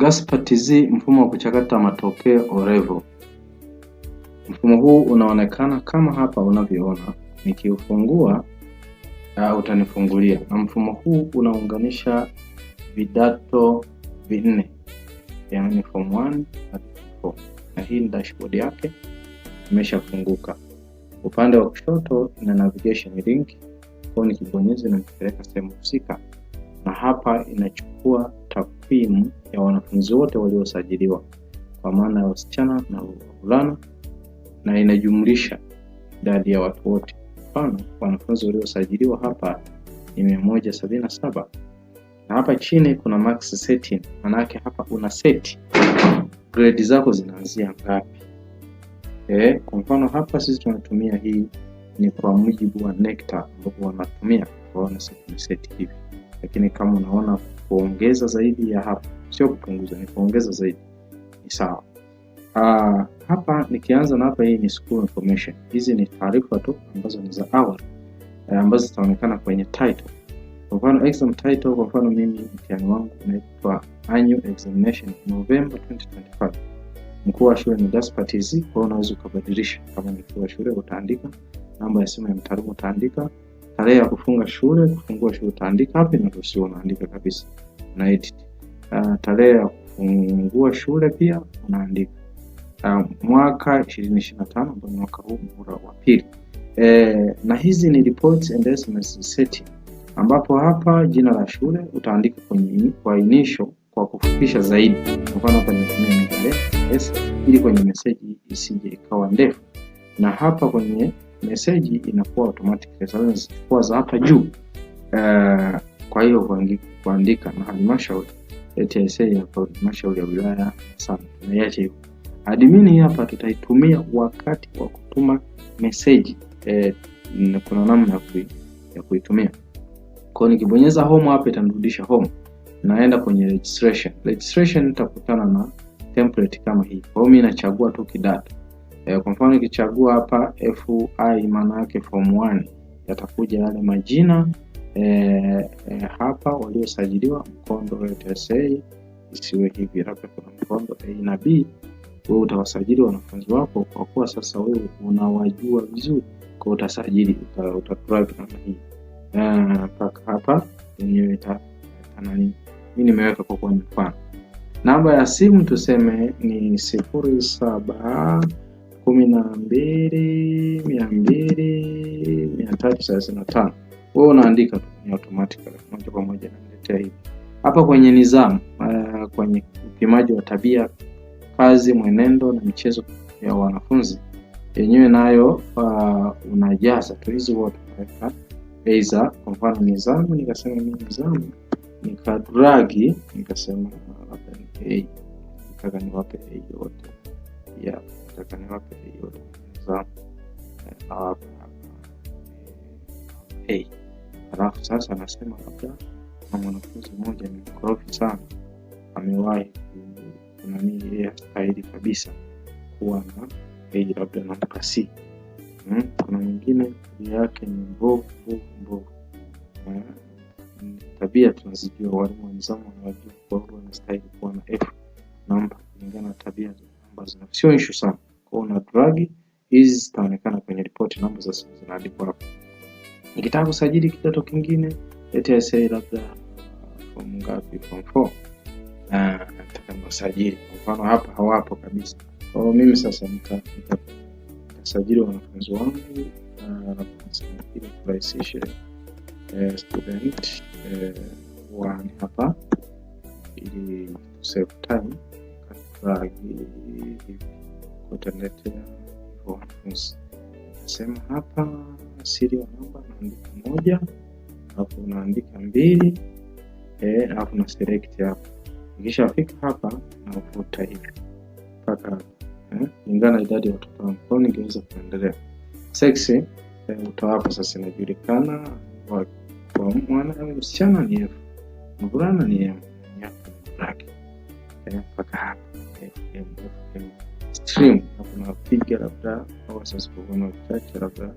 gaspar mfumo wa kuchakata matokeo orevo. Mfumo huu unaonekana kama hapa unavyoona, nikiufungua uh, utanifungulia na mfumo huu unaunganisha vidato vinne, yani form 1 hadi form 4, na hii ni dashboard yake imeshafunguka. Upande wa kushoto ina navigation link, kwa nikibonyeza inanipeleka sehemu husika, na hapa inachukua takwimu ya wanafunzi wote waliosajiliwa kwa maana ya wasichana na wavulana, na inajumlisha idadi ya watu wote. Mfano, wanafunzi waliosajiliwa hapa ni mia moja sabini na saba na hapa chini kuna max setting, manake hapa una seti gredi zako zinaanzia ngapi. e, kwa mfano hapa sisi tunatumia hii ni kwa mujibu wa nekta ambapo wanatumia kwa seti hivi, lakini kama unaona kuongeza zaidi ya hapo, sio kupunguza, ni kuongeza zaidi, ni sawa. Aa, ah, hapa nikianza na hapa, hii ni school information. Hizi ni taarifa tu ambazo ni za awali e, ambazo zitaonekana kwenye title. Kwa mfano exam title, kwa mfano mimi mtihani wangu unaitwa annual examination November 2025. Mkuu wa shule ni Jasper TZ, kwa hiyo unaweza kubadilisha. Kama mkuu wa shule utaandika namba ya simu ya mtaalamu, utaandika tarehe ya kufunga shule, kufungua shule utaandika hapo, na unaandika kabisa unaedit uh, ah, tarehe ya kufungua shule pia unaandika uh, mwaka ishirini ishirini na tano ambao mwaka huu mura wa pili e, na hizi ni reports and SMS setting, ambapo hapa jina la shule utaandika kwenye kwa initial kwa kufupisha zaidi. Kwa mfano hapa nimetumia S ili kwenye meseji isije ikawa ndefu, na hapa kwenye meseji inakuwa automatic response kwa za hapa juu. Uh, kwa hiyo kuandika kuandika na halmashauri ya TSA ya halmashauri ya wilaya sana. Tunaiacha hivyo. Admini hapa tutaitumia wakati wa kutuma meseji e, kuna namna ya kuitumia. Kwa nikibonyeza home hapa itanirudisha home. Naenda kwenye registration. Registration nitakutana na template kama hii. Kwa hiyo mimi nachagua tu kidata. E, kwa mfano nikichagua hapa FI maana yake form 1 yatakuja yale majina E, e, hapa waliosajiliwa mkondo TSA, isiwe hivi, labda kuna mkondo A na B. Wewe utawasajili wanafunzi wako kwa kuwa sasa wewe unawajua vizuri, kwa utasajili utadrive namna hii mpaka hapa yenyewe nani, mimi nimeweka kwa kuwa mfano. Namba ya simu tuseme ni sifuri saba kumi na mbili mia mbili mia tatu thelathini na tano wewe unaandika ni automatically moja kwa moja inaletea hivi. Hapa kwenye nizamu uh, eh, kwenye upimaji wa tabia, kazi, mwenendo na michezo ya wanafunzi yenyewe nayo uh, unajaza tu hizi wote unaweka aidha, kwa mfano nizamu, nikasema mimi nizamu, nikadragi nikasema ah, labda ni A, nataka niwape A yote ya nataka niwape A yote nizamu na eh, hapa hapa eh, A Halafu sasa anasema labda na mwanafunzi mmoja ni mkorofi sana, amewahi kunanii, yeye astahili kabisa kuwa na A labda anataka C. Hmm? Kuna mwingine yake ni mbovu mbovu. Eh? Tabia tunazijua, walimu wenzangu wanawajua, kwa hiyo anastahili kuwa na F namba kulingana na tabia zina sio issue sana. kwao, na dragi hizi zitaonekana kwenye ripoti, namba za simu zinaandikwa hapo. Nikitaka kusajili kidato kingine, let's labda uh, form ngapi, form 4 na kwa mfano hapa hawapo kabisa. kwao mimi sasa nitasajili wanafunzi wangu uh, ili kurahisisha uh, student one hapa, ili save time kutaletea wanafunzi nasema hapa siri ya namba unaandika moja, alafu unaandika mbili, eh, alafu na select hapo. Ikishafika hapa navuta hivi mpaka eh, kulingana na idadi ya watoto wangu. Kwa hiyo ningeweza kuendelea. Sex eh, utawapa sasa inajulikana kwa mwana au msichana ni F, mvulana ni M, nyako eh, mpaka hapa eh, stream hapo, napiga labda au sasa kwa uchache labda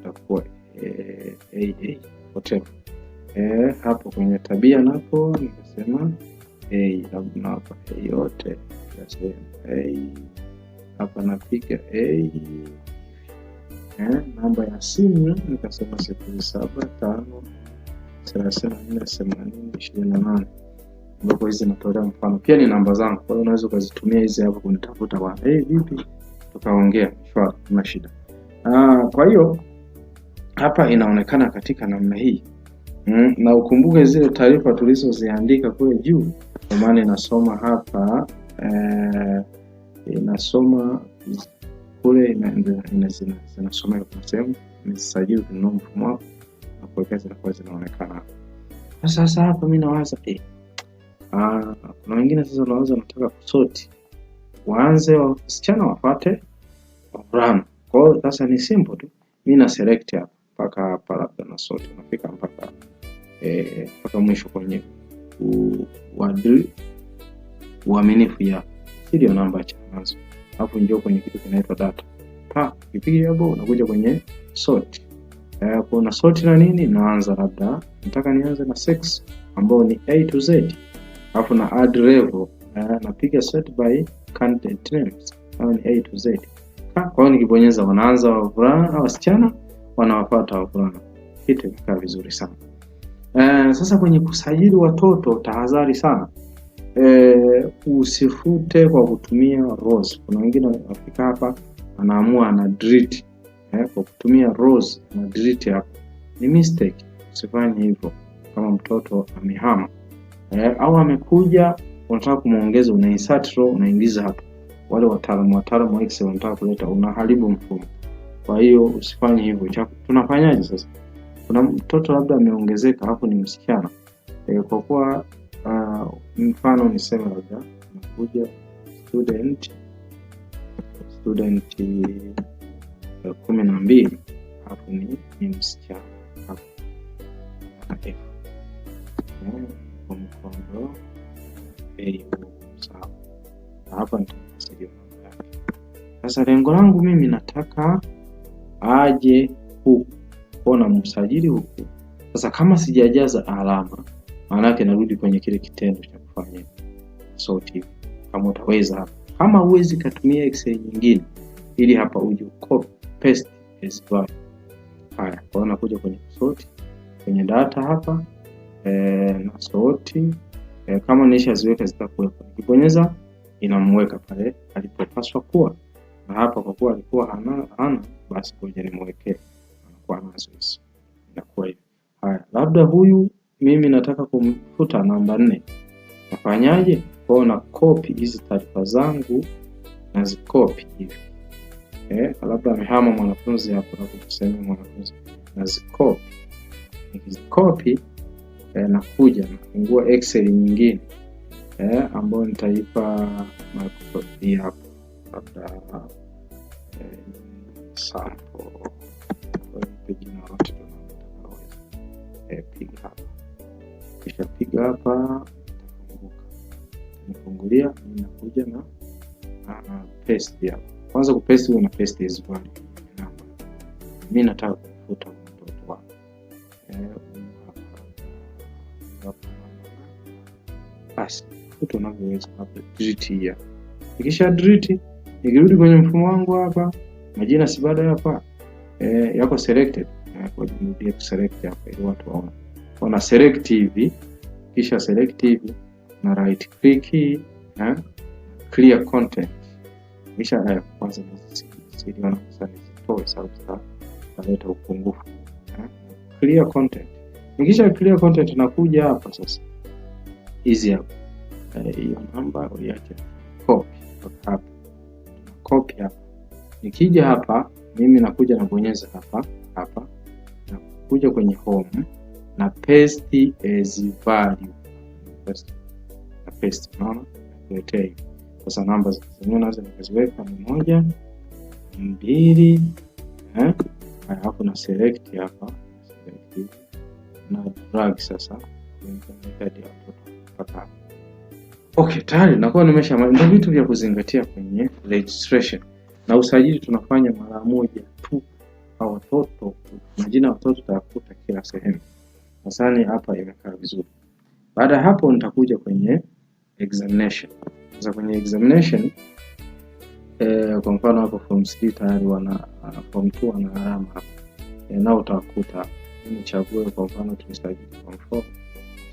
itakuwa eh, AA eh, eh, hotel. Eh, hapo kwenye tabia napo nikasema eh, A, labda nawapa A yote nikasema A. Hapa napiga A. Eh, namba ya simu nikasema sifuri saba tano thelathini na nne themanini ishirini na nane ambapo hizi natolea mfano pia ni namba zangu, kwa hiyo unaweza ukazitumia hizi hapo kunitafuta kwa hey, vipi tukaongea shwari, una shida. Ah, kwa hiyo hapa inaonekana katika namna hii mm, na ukumbuke zile taarifa tulizoziandika kule juu, kwa maana inasoma hapa eh, inasoma kule zinasomeka kwa sehemu zisajili kununua mfumo wako na kuwekea zinakuwa zinaonekana. Sasa hapa mi nawaza eh, ah, kuna wengine sasa wanaweza nataka kusoti waanze wasichana wapate wavulana. Kwa hiyo sasa ni simple tu, mi na select hapa mpaka hapa labda, na sote unafika mpaka e, mpaka mwisho kwenye uadili, uaminifu ya serial namba cha mwanzo alafu njoo kwenye kitu kinaitwa data pa ukipiga hapo unakuja kwenye sort e, kuna sort na nini. Naanza labda nataka nianze na sex ambao ni A to Z, alafu na add level e, napiga sort by content names au ni A to Z. Kwa hiyo nikibonyeza wanaanza wavulana au wasichana wanawapata wavulana. Kitu kikaa vizuri sana. E, sasa kwenye kusajili watoto tahadhari sana. E, usifute kwa kutumia ROS. Kuna wengine wafika hapa anaamua ana delete e, kwa kutumia ROS na delete hapo. Ni mistake, usifanye hivyo kama mtoto amehama e, au amekuja unataka kumwongeza, una insert row unaingiza hapo. Wale wataalamu wataalamu wa Excel wanataka kuleta, unaharibu mfumo. Kwa hiyo usifanye hivyo tunafanyaje sasa? Kuna mtoto labda ameongezeka hapo, ni msichana e, kwa kuwa uh, mfano niseme labda nakuja student student uh, kumi na mbili hapo ni, ni msichana eh. Mkondo eh, hapa nitasaidia Sasa lengo langu mimi nataka aje huku kwa na msajili huku. Sasa kama sijajaza alama, maana yake narudi kwenye kile kitendo cha kufanya sort. Kama utaweza hapa, kama uwezi katumia excel nyingine, ili hapa uje copy paste as well. Haya, kwa nakuja kwenye sort kwenye data hapa e, na sort e, eh, kama nishaziweka zitakuwepo, nikibonyeza inamweka pale alipopaswa kuwa na hapa kwa kuwa alikuwa hana, hana basi ngoja nimwekee, anakuwa nazo hizi, inakuwa hivi. Haya, labda huyu mimi nataka kumfuta namba nne, nafanyaje? Kwao na copy hizi taarifa zangu nazikopi hivi eh, labda amehama mwanafunzi hapo, na kusema mwanafunzi nazikopi. Nikizikopi eh, nakuja nafungua excel nyingine eh, ambayo nitaipa Microsoft hapo labda e, sampo pengine wote utakaoweza e, piga hapa, kisha piga hapa, itafunguka nifungulia, ninakuja na na hapa. Kwanza kupaste, una paste hizi value namba, mimi nataka kufuta mtoto wangu basi, kitu unavyoweza hapa, delete hapa, ikisha driti Nikirudi kwenye mfumo wangu hapa, majina si bado hapa eh, yako selected eh, kwa jumla select hapa ili watu waone. Wana select hivi kisha select hivi na right click eh, clear content kisha haya eh, kwanza sisi wana kusani sitoe sababu naleta upungufu eh, clear content. Nikisha clear content nakuja hapa sasa, hizi hapa eh, hiyo eh, namba uiache copy hapa copy hapa. Nikija hapa mimi nakuja nabonyeza hapa hapa, nakuja kwenye home na paste as value na paste, unaona nakuletea hivi sasa. Namba zenyewe naweza nikaziweka ni moja mbili, eh, alafu na select hapa select na drag sasa mpaka hapa Okay, tayari nakuwa nimesha ndio vitu vya kuzingatia kwenye registration na usajili. Tunafanya mara moja tu kwa watoto, majina ya watoto tutayakuta kila sehemu. Nadhani hapa imekaa vizuri. Baada ya hapo, nitakuja kwenye examination. Sasa kwenye examination eh, kwa mfano hapo form 3 tayari wana uh, form 2 wana alama hapo eh, nao utakuta nichague kwa mfano tumesajili form 4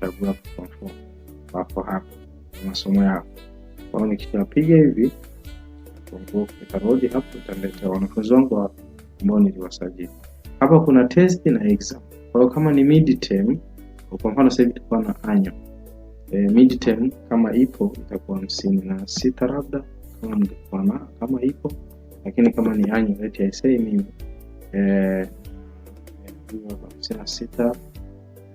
chagua form 4 wako hapo masomo yako. Kwa hiyo nikishapiga hivi nitarudi hapo, nitaleta wanafunzi wangu ambao niliwasajili hapa. Kuna test na exam. Kwa hiyo kama ni midterm, kwa mfano sasa hivi tuko na anyo e, midterm kama ipo itakuwa hamsini na sita labda kama nilikuwa na kama ipo, lakini kama ni anyo leti say mimi eh hamsini na sita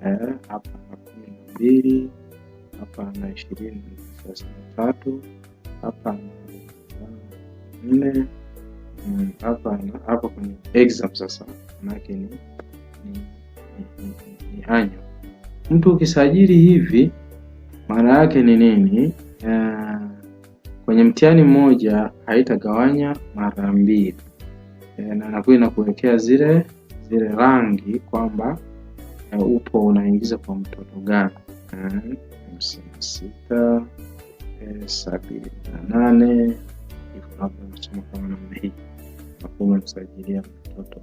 e, hapa na kumi na mbili hapa na ishirini thelathini na tatu hapa na nne hapa hapa kwenye exam. Sasa manake ni, ni, ni, ni, ni anyo. Mtu ukisajili hivi maana yake ni nini? Uh, kwenye mtihani mmoja haitagawanya mara mbili e, na nakuwa inakuwekea zile zile rangi kwamba upo unaingiza kwa mtoto gani hamsini na sita sabini na nane hivyo kama namna hii, mtoto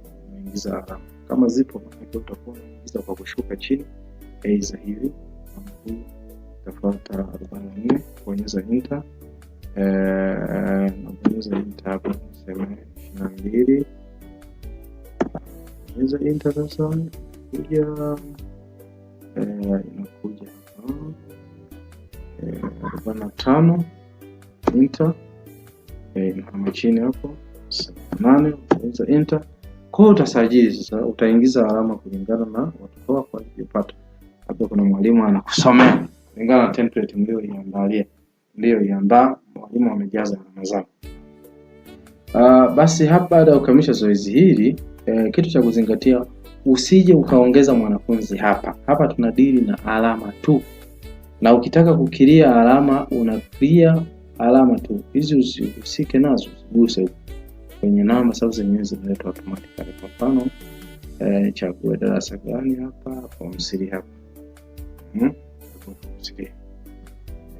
alama kama zipo, manake utakuwa unaingiza kwa kushuka chini aidha hivi kama huu, arobaini na nne kubonyeza enter eh, nabonyeza enter hapo, niseme ishirini na mbili bonyeza enter sasa, kuja eh, inakuja arobaini na tano enter eh, kama chini hapo nane utaingiza enter. Kwa utasajili sasa, utaingiza alama kulingana na watoto wako walivyopata. Hapo kuna mwalimu anakusomea kulingana na template mlioiandalia mlioiandaa, mwalimu amejaza alama zako. Uh, ah, basi hapa baada ya kukamilisha zoezi hili eh, kitu cha kuzingatia usije ukaongeza mwanafunzi hapa. Hapa tunadili na alama tu na ukitaka kukiria alama unakiria alama tu, hizi usihusike nazo, usiguse kwenye namba. sababu zenyewe zinaletwa automatically. Kwa mfano eh, chague darasa gani hapa, form 3 hapa hmm?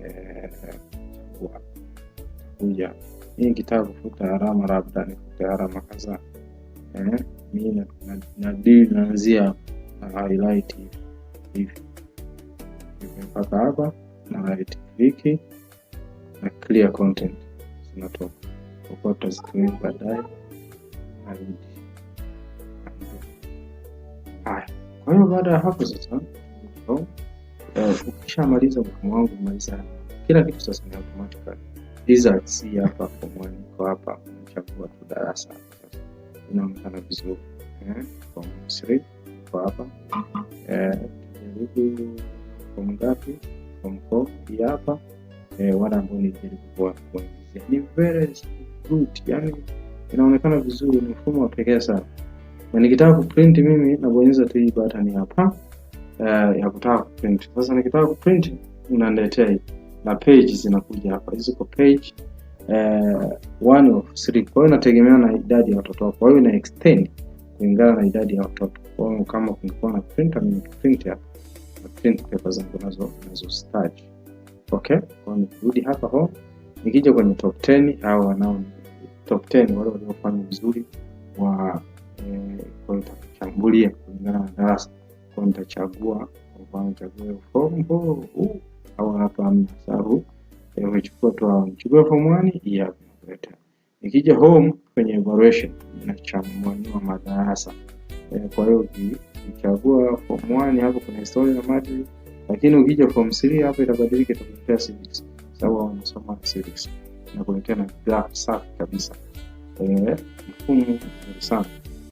Eh, kuja mimi nikitaka kufuta alama labda nifute alama kadhaa eh, mimi na deal naanzia na highlight hivi nimepata hapa na right click na clear content zinatoka kwa tutascreen baadaye. Haya, kwa hiyo baada ya hapo sasa, eh, ukishamaliza mfumo wangu maliza kila kitu sasa ni automatically results hii hapa kwa mwaniko hapa, chagua tu darasa inaonekana vizuri eh, kwa hapa eh, fomu ngapi, fomu 4 hii hapa eh, wale ambao nilijaribu kuwaelezea ni very good, yani inaonekana vizuri, ni mfumo wa pekee sana. Na nikitaka kuprint mimi nabonyeza tu hii button hapa eh, ya kutaka kuprint. Sasa nikitaka kuprint unaniletea hii na page zinakuja hapa, hizi kwa page eh, one of three. Kwa hiyo inategemea na idadi ya watoto wako, kwa hiyo ina extend kulingana na idadi ya watoto. Kwa hiyo kama kungekuwa na printer, mimi print hapa print paper zangu nazo nazo study. Okay, kwa nikirudi hapa home nikija kwenye top 10 au wanao top 10 wale waliofanya vizuri wa eh, kwa nitachambulia kulingana na darasa, kwa nitachagua kwa mfano chagua form 4 uh, au hapa hamna sababu eh, umechukua tu hao nichukue form 1 hii hapa Nikija home kwenye evaluation nachambua madarasa eh, kwa hiyo ukichagua form 1 hapo kuna historia na maji, lakini ukija form 3 hapo itabadilika, itakuletea civics, sababu wanasoma civics na kuletea na bidhaa safi kabisa. Eh, mfumo mzuri sana.